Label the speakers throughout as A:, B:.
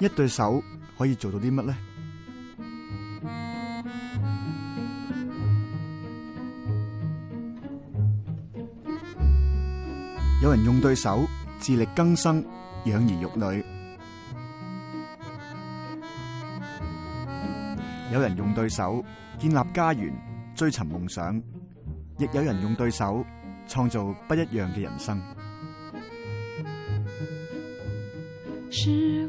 A: 一對手可以做到啲乜呢？有人用對手自力更生、養兒育女；有人用對手建立家園、追尋夢想；亦有人用對手創造不一樣嘅人生。
B: 是。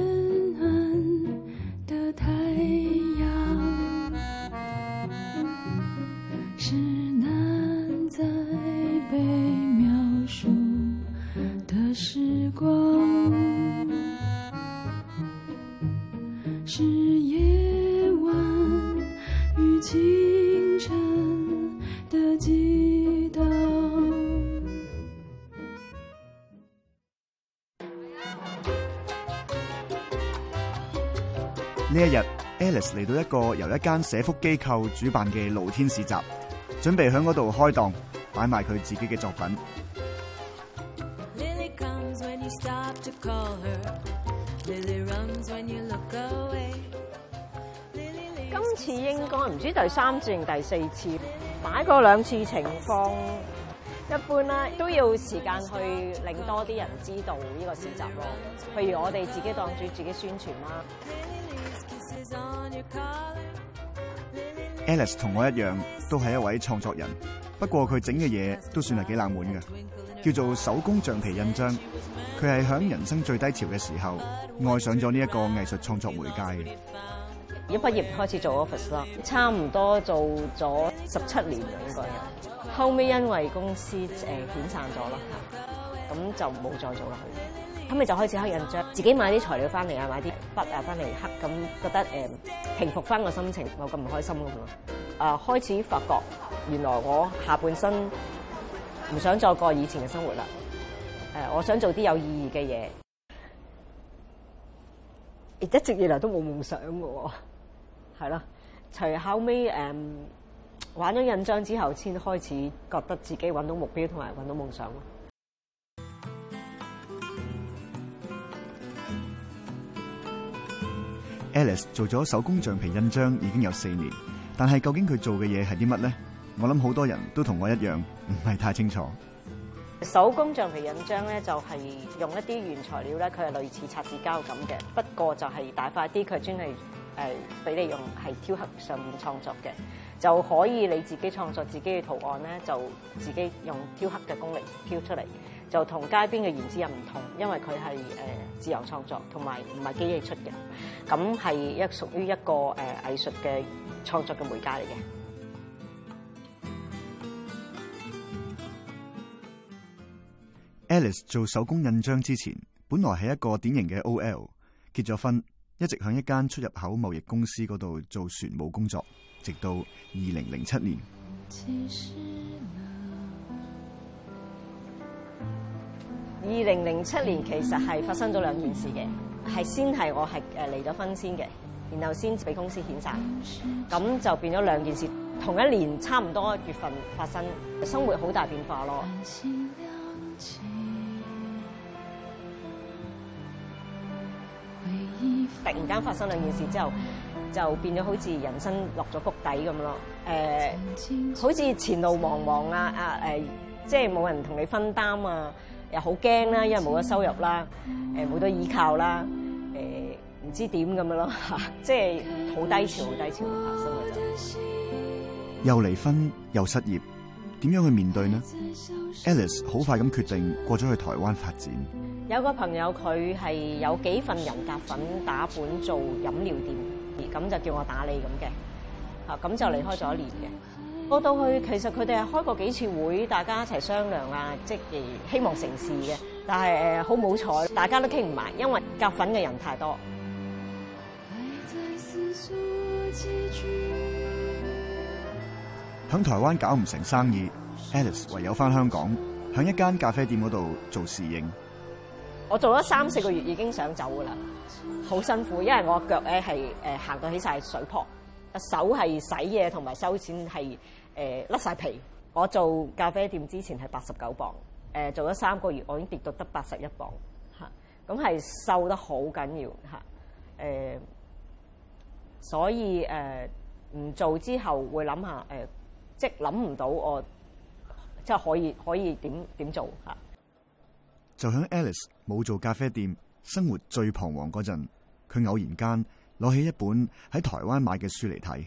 A: 一日，Alice 嚟到一個由一間社福機構主辦嘅露天市集，準備喺嗰度開檔擺埋佢自己嘅作品。
B: 今次應該唔
C: 知第三次定第四次，擺過兩次情況一般啦，都要時間去令多啲人知道呢個市集咯。譬如我哋自己檔主自己宣
B: 傳啦。
A: Alice 同我一樣，都係一位創作人，不過佢整嘅嘢都算係幾冷門嘅，叫做手工橡皮印章。佢係響人生最低潮嘅時候，愛上咗呢一個藝術創作媒介嘅。
C: 一畢業開始做 office 啦，差唔多做咗十七年嘅應該，後尾因為公司誒遣散咗啦，咁就冇再做啦後尾就開始刻印章，自己買啲材料翻嚟啊，買啲筆啊翻嚟刻，咁覺得誒、呃、平復翻個心情，我咁唔開心咁啊、呃，開始發覺原來我下半生唔想再過以前嘅生活啦。誒、呃，我想做啲有意義嘅嘢。一直以嚟都冇夢想嘅喎，係咯。除後尾誒、呃、玩咗印章之後，先開始覺得自己搵到目標同埋搵到夢想咯。
A: Alice 做咗手工橡皮印章已經有四年，但係究竟佢做嘅嘢係啲乜咧？我諗好多人都同我一樣，唔係太清楚。
C: 手工橡皮印章咧，就係用一啲原材料咧，佢係類似擦字膠咁嘅，不過就係大塊啲，佢專係誒俾你用係雕刻上面創作嘅，就可以你自己創作自己嘅圖案咧，就自己用雕刻嘅功力雕出嚟。就同街邊嘅原子印唔同，因為佢係誒自由創作，同埋唔係機器出嘅，咁係一屬於一個誒藝術嘅創作嘅媒介嚟嘅。
A: Alice 做手工印章之前，本來係一個典型嘅 OL，結咗婚，一直喺一間出入口貿易公司嗰度做船務工作，直到二零零七年。
C: 二零零七年其實係發生咗兩件事嘅，係先係我係誒離咗婚先嘅，然後先俾公司遣散，咁就變咗兩件事，同一年差唔多月份發生，生活好大變化咯。突然間發生兩件事之後，就變咗好似人生落咗谷底咁咯，誒、呃，好似前路茫茫啊啊誒，即係冇人同你分擔啊。又好驚啦，因為冇咗收入啦，誒冇咗依靠啦，誒唔知點咁樣咯嚇，即係好低潮，好低潮嘅生活。
A: 又離婚又失業，點樣去面對呢？Alice 好快咁決定過咗去台灣發展。
C: 有個朋友佢係有幾份人夾粉打本做飲料店，咁就叫我打理咁嘅，嚇咁就離開咗一年嘅。過到去其實佢哋係開過幾次會，大家一齊商量啊，即係希望成事嘅。但係誒好冇彩，大家都傾唔埋，因為夾份嘅人太多。
A: 喺台灣搞唔成生意，Alice 唯有返香港，喺一間咖啡店嗰度做侍應。
C: 我做咗三四個月已經想走㗎啦。好辛苦，因為我腳咧係誒行到起晒水泡，手係洗嘢同埋收錢係。誒甩晒皮，我做咖啡店之前係八十九磅，誒、呃、做咗三個月，我已經跌到得八十一磅嚇，咁、啊、係瘦得好緊要嚇，誒、啊，所以誒唔、啊、做之後會諗下誒，即諗唔到我即係可以可以點點做嚇、啊。
A: 就喺 Alice 冇做咖啡店，生活最彷徨嗰陣，佢偶然間攞起一本喺台灣買嘅書嚟睇。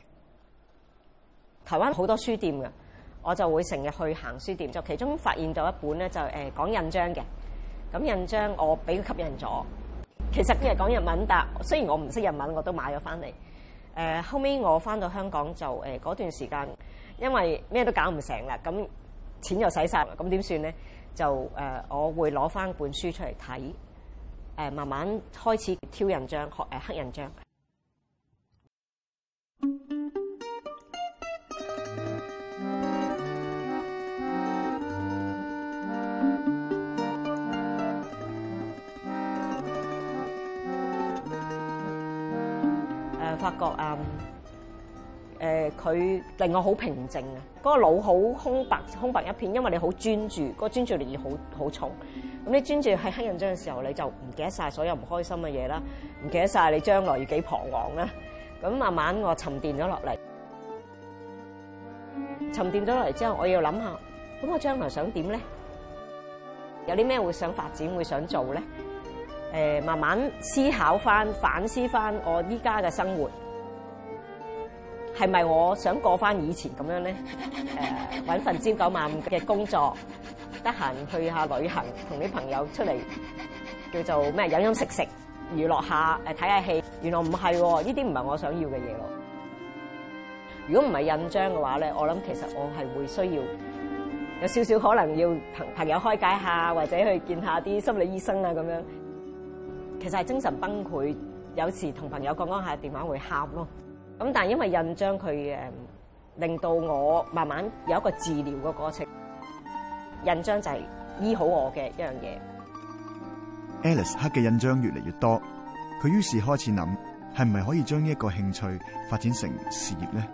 C: 台灣好多書店㗎，我就會成日去行書店，就其中發現到一本咧就誒、是、講印章嘅，咁印章我俾佢吸引咗。其實啲係講日文，但雖然我唔識日文，我都買咗翻嚟。誒、呃、後尾我翻到香港就誒嗰、呃、段時間，因為咩都搞唔成啦，咁錢又使晒啦，咁點算咧？就誒、呃、我會攞翻本書出嚟睇，誒、呃、慢慢開始挑印章，學誒刻、呃、印章。我發覺誒，佢、嗯呃、令我好平靜啊！嗰、嗰個腦好空白，空白一片，因為你好專注，個專注力好好重。咁你專注喺刻印章嘅時候，你就唔記得晒所有唔開心嘅嘢啦，唔記得晒你將來要幾彷徨啦。咁慢慢我沉澱咗落嚟，沉澱咗落嚟之後，我要諗下，咁我將來想點咧？有啲咩會想發展，會想做咧？慢慢思考翻、反思翻，我依家嘅生活係咪我想過翻以前咁樣咧？
B: 誒、呃，揾份
C: 朝九晚五嘅工作，得閒去下旅行，同啲朋友出嚟叫做咩飲飲食食，娛樂下，呃、睇下戲。原來唔係喎，呢啲唔係我想要嘅嘢咯。如果唔係印章嘅話咧，我諗其實我係會需要有少少可能要朋朋友開解下，或者去見一下啲心理醫生啊咁樣。其實係精神崩潰，有時同朋友講講下電話會喊咯。咁但係因為印章佢誒，令到我慢慢有一個治療嘅過程，印章就係醫好我嘅一樣嘢。
A: Alice 刻嘅印章越嚟越多，佢於是開始諗係咪可以將呢一個興趣發展成事業咧？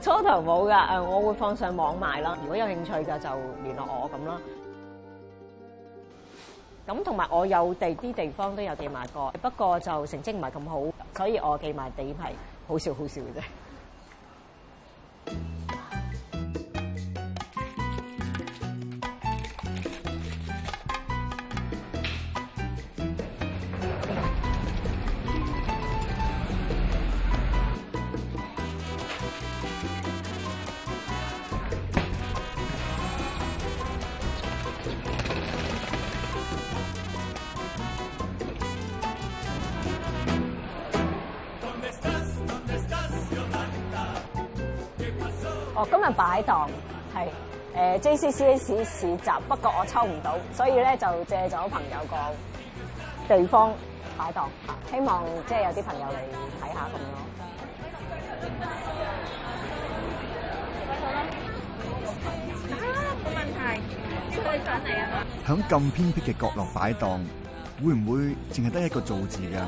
C: 初頭冇㗎，誒我會放上網賣啦。如果有興趣嘅就聯絡我咁啦。咁同埋我有地啲地方都有寄賣過，不過就成績唔係咁好，所以我寄賣地係好少好少嘅啫。擺檔係誒 JCCS 市集，不過我抽唔到，所以咧就借咗朋友個地方擺檔，希望即係有啲朋友嚟睇下咁咯。冇問
B: 題，要跪上嚟啊嘛！
A: 響咁偏僻嘅角落擺檔，會唔會淨係得一個造字噶？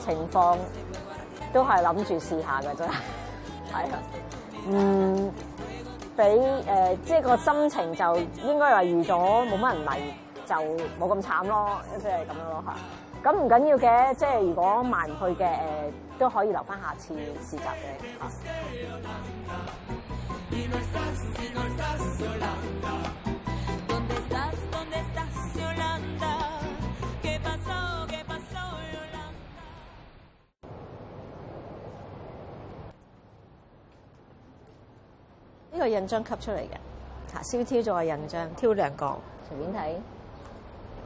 C: 情況都係諗住試下噶啫。係啊，嗯，俾誒、呃，即係個心情就應該話預咗冇乜人嚟，就冇咁慘咯，即係咁樣咯嚇。咁唔緊要嘅，即係如果賣唔去嘅誒、呃，都可以留返下次試集嘅。呢、這個印章吸出嚟嘅，吓，CT 做嘅印章，挑兩個，隨便睇。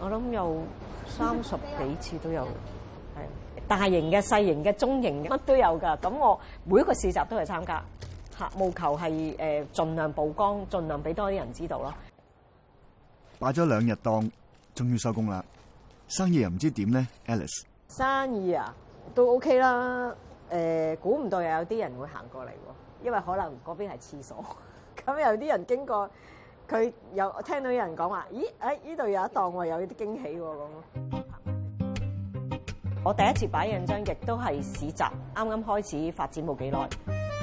C: 我諗有三十幾次都有，係大型嘅、細型嘅、中型嘅乜都有噶。咁我每一個市集都去參加，務求係誒、呃、盡量曝光，盡量俾多啲人知道咯。
A: 擺咗兩日檔，終於收工啦。生意又唔知點咧，Alice。
C: 生意啊，都 OK 啦。誒、呃，估唔到又有啲人會行過嚟喎。因為可能嗰邊係廁所，咁有啲人經過，佢有聽到有人講話，咦？誒，呢度有一檔喎，有啲驚喜喎，咁。我第一次擺印章，亦都係市集，啱啱開始發展冇幾耐，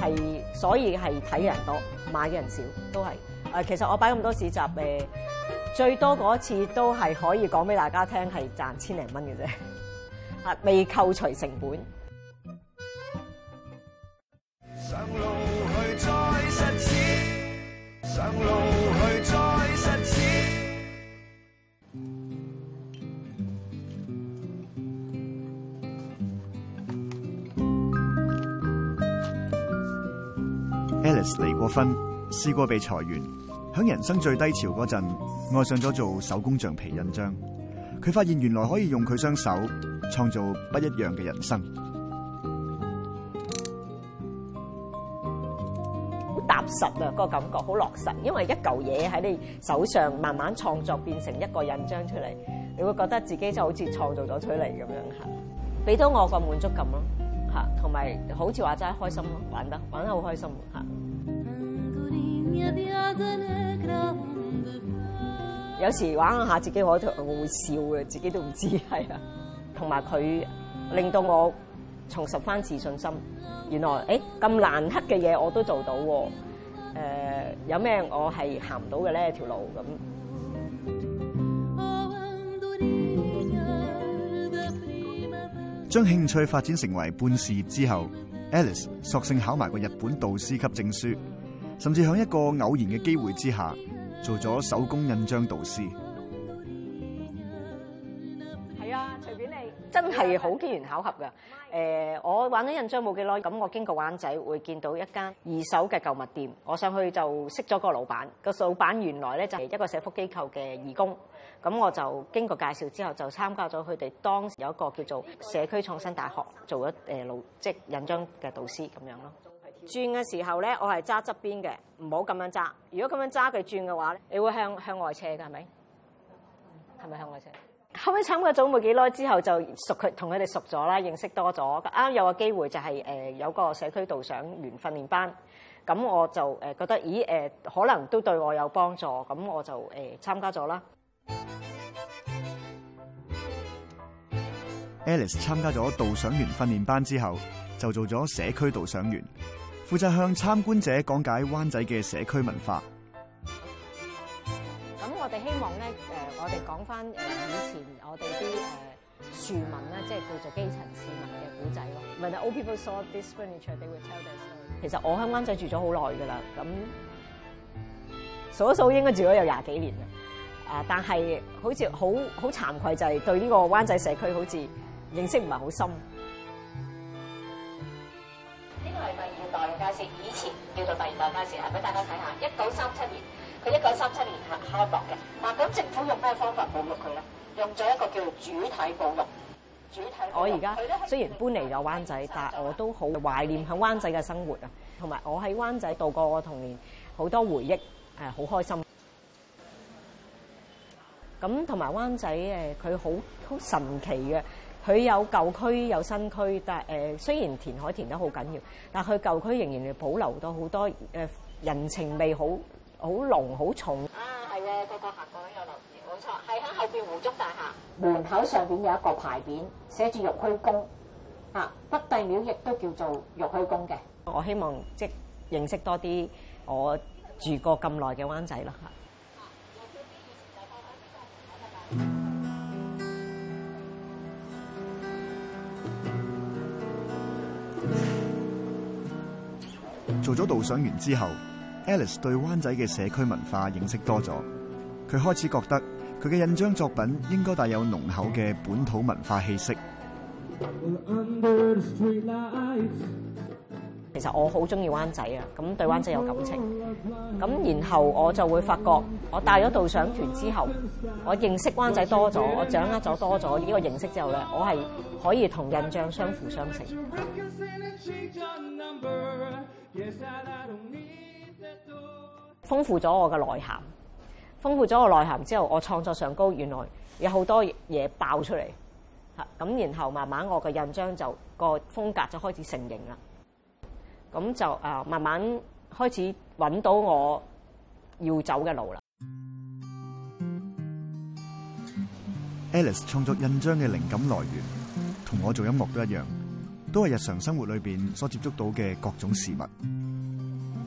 C: 係所以係睇嘅人多，買嘅人少，都係。誒，其實我擺咁多市集誒，最多嗰次都係可以講俾大家聽，係賺千零蚊嘅啫，啊，未扣除成本。
B: 上路去再實踐，上路去再實踐。
A: Alice 離過婚，試過被裁員，響人生最低潮嗰陣，愛上咗做手工橡皮印章。佢發現原來可以用佢雙手創造不一樣嘅人生。
C: 實啊，個感覺好落實，因為一嚿嘢喺你手上慢慢創作變成一個印章出嚟，你會覺得自己就好似創造咗出嚟咁樣嚇，俾到我個滿足感咯嚇，同埋好似話齋係開心咯，玩得玩得好開心
B: 嚇。
C: 有時玩下自己，我我會笑嘅，自己都唔知係啊。同埋佢令到我重拾翻自信心，原來誒咁難刻嘅嘢我都做到喎。誒、呃、有咩我係行唔到嘅呢條路咁，
A: 將興趣發展成為半事業之後，Alice 索性考埋個日本導師級證書，甚至響一個偶然嘅機會之下，做咗手工印章導師。
C: 真係好機緣巧合㗎，呃，我玩咗印章冇幾耐，咁我經過灣仔會見到一間二手嘅舊物店，我上去就識咗個老闆，個老闆原來咧就係一個社福機構嘅義工，咁我就經過介紹之後就參加咗佢哋當時有一個叫做社區創新大學，做咗老導，即係印章嘅導師咁樣咯。轉嘅時候咧，我係揸側邊嘅，唔好咁樣揸。如果咁樣揸佢轉嘅話咧，你會向向外斜㗎，係咪？嗯，係咪向外斜？後尾參加咗冇幾耐之後就熟佢，同佢哋熟咗啦，認識多咗。啱啱有個機會就係、是、誒、呃、有個社區導賞員訓練班，咁我就誒、呃、覺得咦誒、呃、可能都對我有幫助，咁我就誒、呃、參加咗啦。
A: Alice 參加咗導賞員訓練班之後，就做咗社區導賞員，負責向參觀者講解灣仔嘅社區文化。
C: 希望咧，誒，我哋講翻誒以前我哋啲誒庶民咧，即係叫做基層市民嘅古仔咯。唔係，the old people saw this furniture, they would tell their story. 其實我喺灣仔住咗好耐噶啦，咁數一數應該住咗有廿幾年啦。啊，但係好似好好慚愧，就係對呢個灣仔社區好似認識唔係好深。呢個係第二代嘅街市，以前叫做第二代街市，係俾大家睇下，一九三七年。佢一九三七年下敲落嘅嗱，咁政府用咩方法保育佢咧？用咗一個叫做主題保育。主題保育。我而家雖然搬嚟咗灣仔，但我都好懷念喺灣仔嘅生活啊，同埋我喺灣仔度過我童年好多回憶，誒好開心。咁同埋灣仔誒，佢好好神奇嘅，佢有舊區有新區，但係誒雖然填海填得好緊要，但係佢舊區仍然係保留到好多誒人情味好。好濃好重啊！係喎，個個行過都有留意，冇錯，係喺後邊湖竹大廈門口上邊有一個牌匾，寫住玉虛宮啊，北帝廟亦都叫做玉虛宮嘅。我希望即係認識多啲我住過咁耐嘅灣仔咯嚇、啊。
A: 做咗導賞員之後。Alice 對灣仔嘅社區文化認識多咗，佢開始覺得佢嘅印章作品應該帶有濃厚嘅本土文化氣息。
C: 其實我好中意灣仔啊，咁對灣仔有感情。咁然後我就會發覺，我帶咗導賞團之後，我認識灣仔多咗，我掌握咗多咗呢個認識之後咧，我係可以同印章相輔相成。豐富咗我嘅內涵，豐富咗我內涵之後，我創作上高原來有好多嘢爆出嚟，吓，咁然後慢慢我嘅印章就個風格就開始成型啦，咁就啊慢慢開始揾到我要走嘅路啦。
A: Alice 創作印章嘅靈感來源同我做音樂都一樣，都係日常生活裏邊所接觸到嘅各種事物。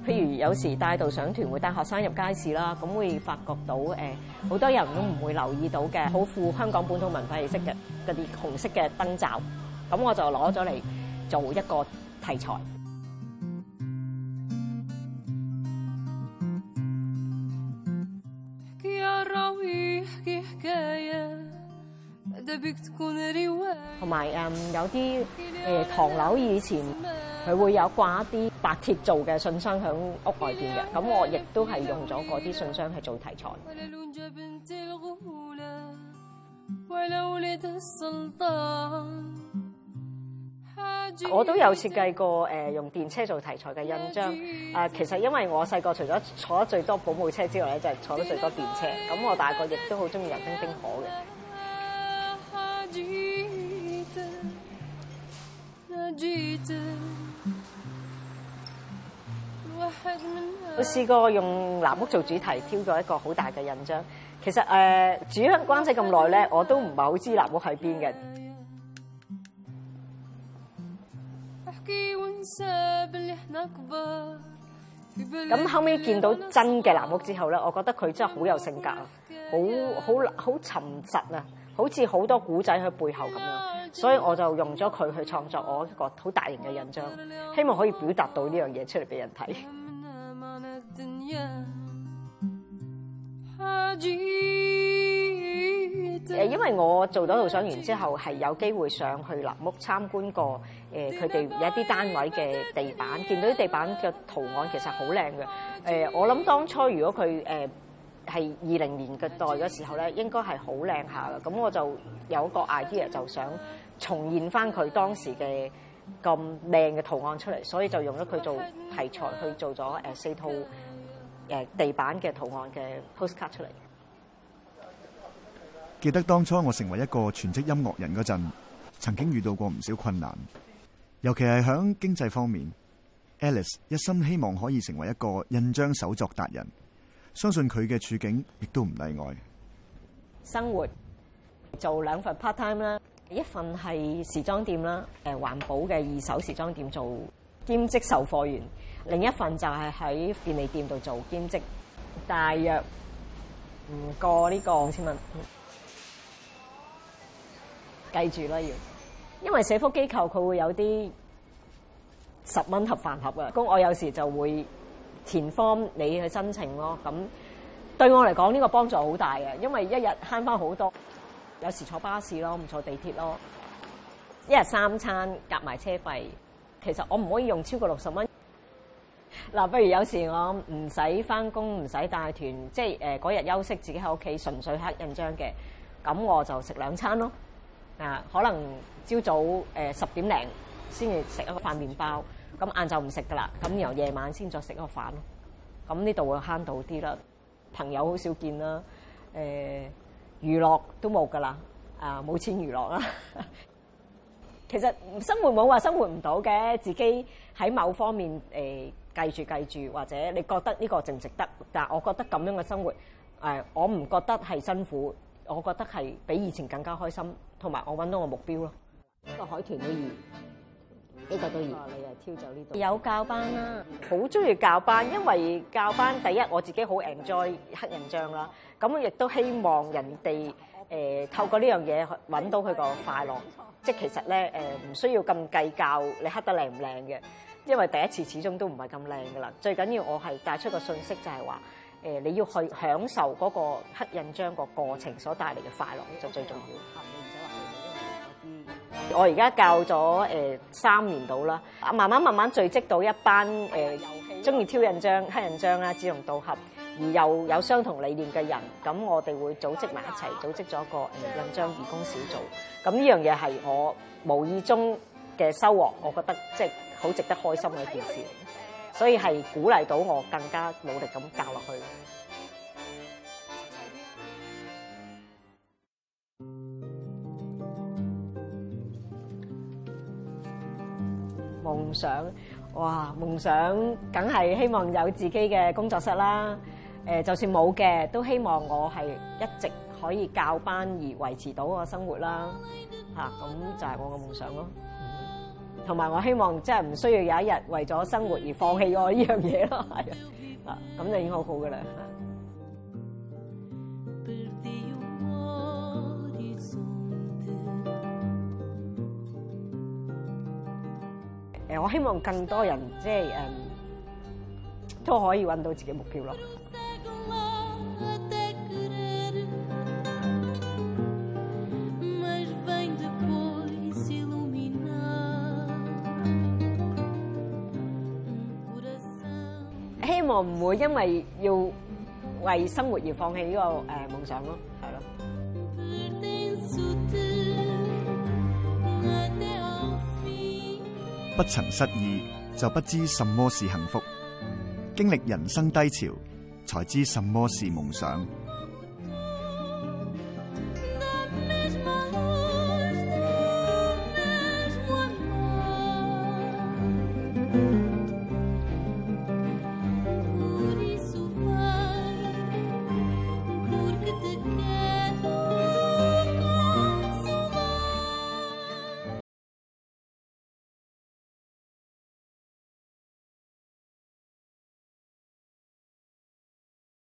C: 譬如有時帶導賞團會帶學生入街市啦，咁會發覺到誒好、呃、多人都唔會留意到嘅，好富香港本土文化氣息嘅嗰啲紅色嘅燈罩，咁我就攞咗嚟做一個題材。
B: 同
C: 埋誒有啲誒唐樓以前。佢會有掛一啲白鐵做嘅信箱喺屋外邊嘅，咁我亦都係用咗嗰啲信箱去做題材
B: 我都有設計
C: 過、呃、用電車做題材嘅印章、呃。其實因為我細個除咗坐得最多保姆車之外咧，就係坐得最多電車。咁我大個亦都好中意遊叮叮河
B: 嘅。 我試
C: 過用藍屋做主題，挑咗一個好大嘅印章。其實誒，呃、住喺灣仔咁耐咧，我都唔係好知藍屋喺邊
B: 嘅。咁、嗯、後尾見到
C: 真嘅藍屋之後咧，我覺得佢真係好有性格，好好好沉實啊，好似好多古仔喺背後咁樣。所以我就用咗佢去創作我一個好大型嘅印章，希望可以表達到呢樣嘢出嚟俾人睇。誒，因為我做咗導賞員之後，係有機會上去林屋參觀過，誒、呃，佢哋有一啲單位嘅地板，見到啲地板嘅圖案其實好靚嘅。誒、呃，我諗當初如果佢誒係二零年嘅代嘅時候咧，應該係好靚下噶。咁我就有一個 idea，就想重現返佢當時嘅。咁靚嘅圖案出嚟，所以就用咗佢做題材去做咗四套地板嘅圖案嘅 postcard 出嚟。
A: 記得當初我成為一個全職音樂人嗰陣，曾經遇到過唔少困難，尤其係響經濟方面。Alice 一心希望可以成為一個印章手作達人，相信佢嘅處境亦都唔例外。
C: 生活做兩份 part time 啦。一份係時裝店啦，誒，環保嘅二手時裝店做兼職售貨員，另一份就係喺便利店度做兼職，大約唔過呢個五千蚊。記住啦，要，因為社福機構佢會有啲十蚊盒飯盒啊，咁我有時就會填 form 你去申請咯，咁對我嚟講呢個幫助好大嘅，因為一日慳翻好多。有時坐巴士咯，唔坐地鐵咯。一日三餐夾埋車費，其實我唔可以用超過六十蚊。嗱、啊，不如有時我唔使翻工，唔使帶團，即係誒嗰日休息，自己喺屋企純粹刻印章嘅，咁我就食兩餐咯。啊，可能朝早誒十、呃、點零先至食一個飯麪包，咁晏晝唔食噶啦，咁然後夜晚先再食一個飯咯。咁呢度會慳到啲啦，朋友好少見啦，誒、呃。娛樂都冇㗎啦，啊，冇錢娛樂啦。其實生活冇話生活唔到嘅，自己喺某方面誒、呃、計住計住，或者你覺得呢個值唔值得。但係我覺得咁樣嘅生活，誒、啊、我唔覺得係辛苦，我覺得係比以前更加開心，同埋我搵到個目標咯。呢、這個海豚都易。呢、這個都度，有教班啦，好中意教班，因為教班第一我自己好 enjoy 黑印章啦。咁我亦都希望人哋誒、呃、透過呢樣嘢揾到佢個快樂，即係其實咧誒唔需要咁計較你黑得靚唔靚嘅，因為第一次始終都唔係咁靚噶啦。最緊要我係帶出個信息就係話誒你要去享受嗰個黑印章個過程所帶嚟嘅快樂就最重要。我而家教咗誒三年度，三年到啦，慢慢慢慢聚積到一班誒中意挑印章、刻印章啦，志同道合而又有相同理念嘅人，咁我哋會組織埋一齊，組織咗個誒印章義工小組。咁呢樣嘢係我無意中嘅收穫，我覺得即係好值得開心嘅一件事嚟，所以係鼓勵到我更加努力咁教落去。想，哇！夢想梗係希望有自己嘅工作室啦。誒、呃，就算冇嘅，都希望我係一直可以教班而維持到我生活啦。嚇、啊，咁就係我嘅夢想咯。嗯，同埋我希望即係唔需要有一日為咗生活而放棄我呢樣嘢咯。係啊，咁就已經好好噶啦。誒，我希望更多人，即係誒都可以揾到自己目標
B: 咯。
C: 希望唔會因為要為生活而放棄呢個誒夢想咯。
A: 不曾失意，就不知什麼是幸福；經歷人生低潮，才知什麼是夢想。